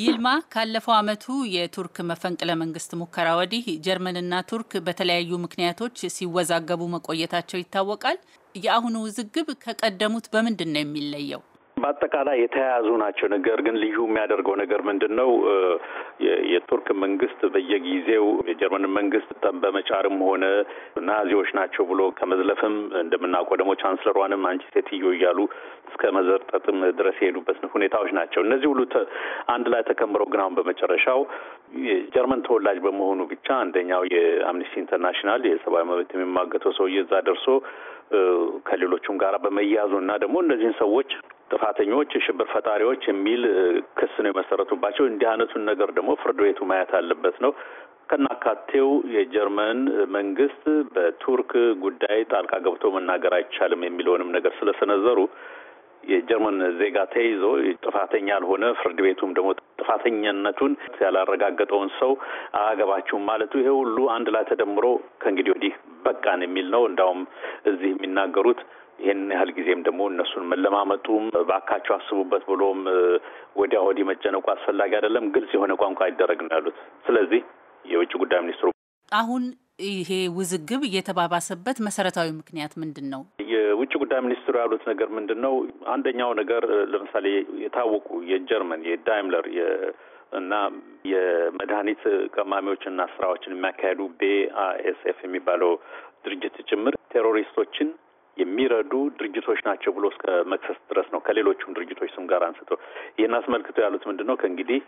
ይልማ ካለፈው ዓመቱ የቱርክ መፈንቅለ መንግስት ሙከራ ወዲህ ጀርመንና ቱርክ በተለያዩ ምክንያቶች ሲወዛገቡ መቆየታቸው ይታወቃል። የአሁኑ ውዝግብ ከቀደሙት በምንድን ነው የሚለየው? በአጠቃላይ የተያያዙ ናቸው። ነገር ግን ልዩ የሚያደርገው ነገር ምንድን ነው? የቱርክ መንግስት በየጊዜው የጀርመን መንግስት በመጫርም ሆነ ናዚዎች ናቸው ብሎ ከመዝለፍም እንደምናውቀው ደግሞ ቻንስለሯንም አንቺ ሴትዮ እያሉ እስከ መዘርጠጥም ድረስ የሄዱበት ሁኔታዎች ናቸው። እነዚህ ሁሉ አንድ ላይ ተከምረው ግን አሁን በመጨረሻው የጀርመን ተወላጅ በመሆኑ ብቻ አንደኛው የአምኒስቲ ኢንተርናሽናል የሰብአዊ መብት የሚማገተው ሰውዬ እዛ ደርሶ ከሌሎቹም ጋር በመያዙ እና ደግሞ እነዚህን ሰዎች ጥፋተኞች፣ ሽብር ፈጣሪዎች የሚል ክስ ነው የመሰረቱባቸው። እንዲህ አይነቱን ነገር ደግሞ ፍርድ ቤቱ ማየት አለበት ነው ከናካቴው የጀርመን መንግስት በቱርክ ጉዳይ ጣልቃ ገብቶ መናገር አይቻልም የሚለውንም ነገር ስለሰነዘሩ የጀርመን ዜጋ ተይዞ ጥፋተኛ ያልሆነ ፍርድ ቤቱም ደግሞ ጥፋተኛነቱን ያላረጋገጠውን ሰው አያገባችሁም ማለቱ ይሄ ሁሉ አንድ ላይ ተደምሮ ከእንግዲህ ወዲህ በቃን የሚል ነው። እንዳውም እዚህ የሚናገሩት ይህን ያህል ጊዜም ደግሞ እነሱን መለማመጡም ባካቸው አስቡበት ብሎም ወዲያ ወዲህ መጨነቁ አስፈላጊ አይደለም። ግልጽ የሆነ ቋንቋ ይደረግ ነው ያሉት። ስለዚህ የውጭ ጉዳይ ሚኒስትሩ አሁን ይሄ ውዝግብ የተባባሰበት መሰረታዊ ምክንያት ምንድን ነው? የውጭ ጉዳይ ሚኒስትሩ ያሉት ነገር ምንድን ነው? አንደኛው ነገር ለምሳሌ የታወቁ የጀርመን የዳይምለር እና የመድኃኒት ቀማሚዎች ና ስራዎችን የሚያካሄዱ ቤአኤስኤፍ የሚባለው ድርጅት ጭምር ቴሮሪስቶችን የሚረዱ ድርጅቶች ናቸው ብሎ እስከ መክሰስ ድረስ ነው። ከሌሎቹም ድርጅቶች ስም ጋር አንስቶ ይህን አስመልክቶ ያሉት ምንድን ነው? ከእንግዲህ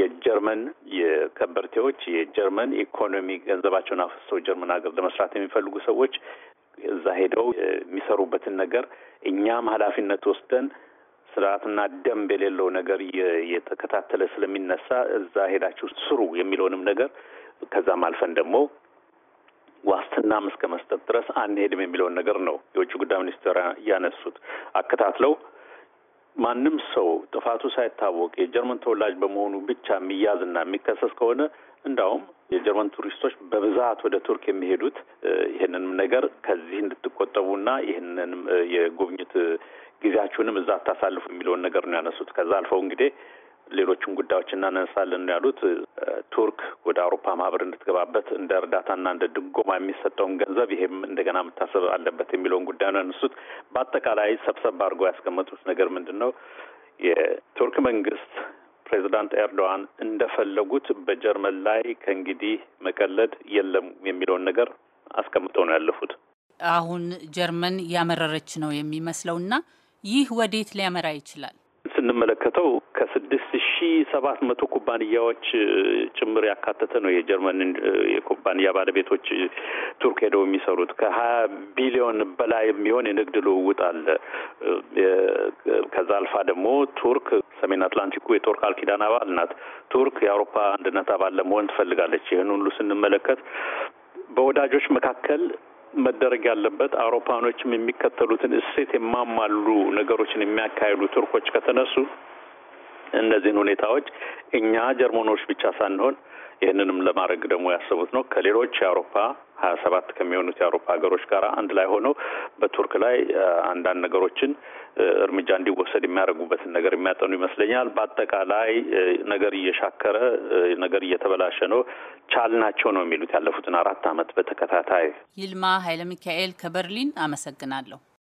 የጀርመን የከበርቴዎች የጀርመን ኢኮኖሚ ገንዘባቸውን አፍሰው ጀርመን ሀገር ለመስራት የሚፈልጉ ሰዎች እዛ ሄደው የሚሰሩበትን ነገር እኛም ኃላፊነት ወስደን ስርዓትና ደንብ የሌለው ነገር የተከታተለ ስለሚነሳ እዛ ሄዳችሁ ስሩ የሚለውንም ነገር ከዛም አልፈን ደግሞ እውቅናም እስከ መስጠት ድረስ አንሄድም የሚለውን ነገር ነው የውጭ ጉዳይ ሚኒስትር ያነሱት። አከታትለው ማንም ሰው ጥፋቱ ሳይታወቅ የጀርመን ተወላጅ በመሆኑ ብቻ የሚያዝና የሚከሰስ ከሆነ እንዳውም የጀርመን ቱሪስቶች በብዛት ወደ ቱርክ የሚሄዱት ይህንንም ነገር ከዚህ እንድትቆጠቡና ይህንንም የጉብኝት ጊዜያችሁንም እዛ አታሳልፉ የሚለውን ነገር ነው ያነሱት። ከዛ አልፈው እንግዲህ ሌሎችም ጉዳዮች እናነሳለን ያሉት ቱርክ ወደ አውሮፓ ማህበር እንድትገባበት እንደ እርዳታና እንደ ድጎማ የሚሰጠውን ገንዘብ ይሄም እንደገና መታሰብ አለበት የሚለውን ጉዳይ ነው ያነሱት። በአጠቃላይ ሰብሰብ አድርገው ያስቀመጡት ነገር ምንድን ነው? የቱርክ መንግስት ፕሬዚዳንት ኤርዶዋን እንደፈለጉት በጀርመን ላይ ከእንግዲህ መቀለድ የለም የሚለውን ነገር አስቀምጠው ነው ያለፉት። አሁን ጀርመን ያመረረች ነው የሚመስለው እና ይህ ወዴት ሊያመራ ይችላል? ስንመለከተው ከስድስት ሺ ሰባት መቶ ኩባንያዎች ጭምር ያካተተ ነው። የጀርመን የኩባንያ ባለቤቶች ቱርክ ሄደው የሚሰሩት ከሀያ ቢሊዮን በላይ የሚሆን የንግድ ልውውጥ አለ። ከዛ አልፋ ደግሞ ቱርክ ሰሜን አትላንቲኩ የጦር ቃል ኪዳን አባል ናት። ቱርክ የአውሮፓ አንድነት አባል ለመሆን ትፈልጋለች። ይህን ሁሉ ስንመለከት በወዳጆች መካከል መደረግ ያለበት አውሮፓኖችም የሚከተሉትን እሴት የማማሉ ነገሮችን የሚያካሂዱ ቱርኮች ከተነሱ እነዚህን ሁኔታዎች እኛ ጀርመኖች ብቻ ሳንሆን ይህንንም ለማድረግ ደግሞ ያሰቡት ነው ከሌሎች የአውሮፓ ሀያ ሰባት ከሚሆኑት የአውሮፓ ሀገሮች ጋር አንድ ላይ ሆነው በቱርክ ላይ አንዳንድ ነገሮችን እርምጃ እንዲወሰድ የሚያደርጉበትን ነገር የሚያጠኑ ይመስለኛል። በአጠቃላይ ነገር እየሻከረ ነገር እየተበላሸ ነው፣ ቻልናቸው ነው የሚሉት ያለፉትን አራት ዓመት በተከታታይ። ይልማ ኃይለ ሚካኤል ከበርሊን አመሰግናለሁ።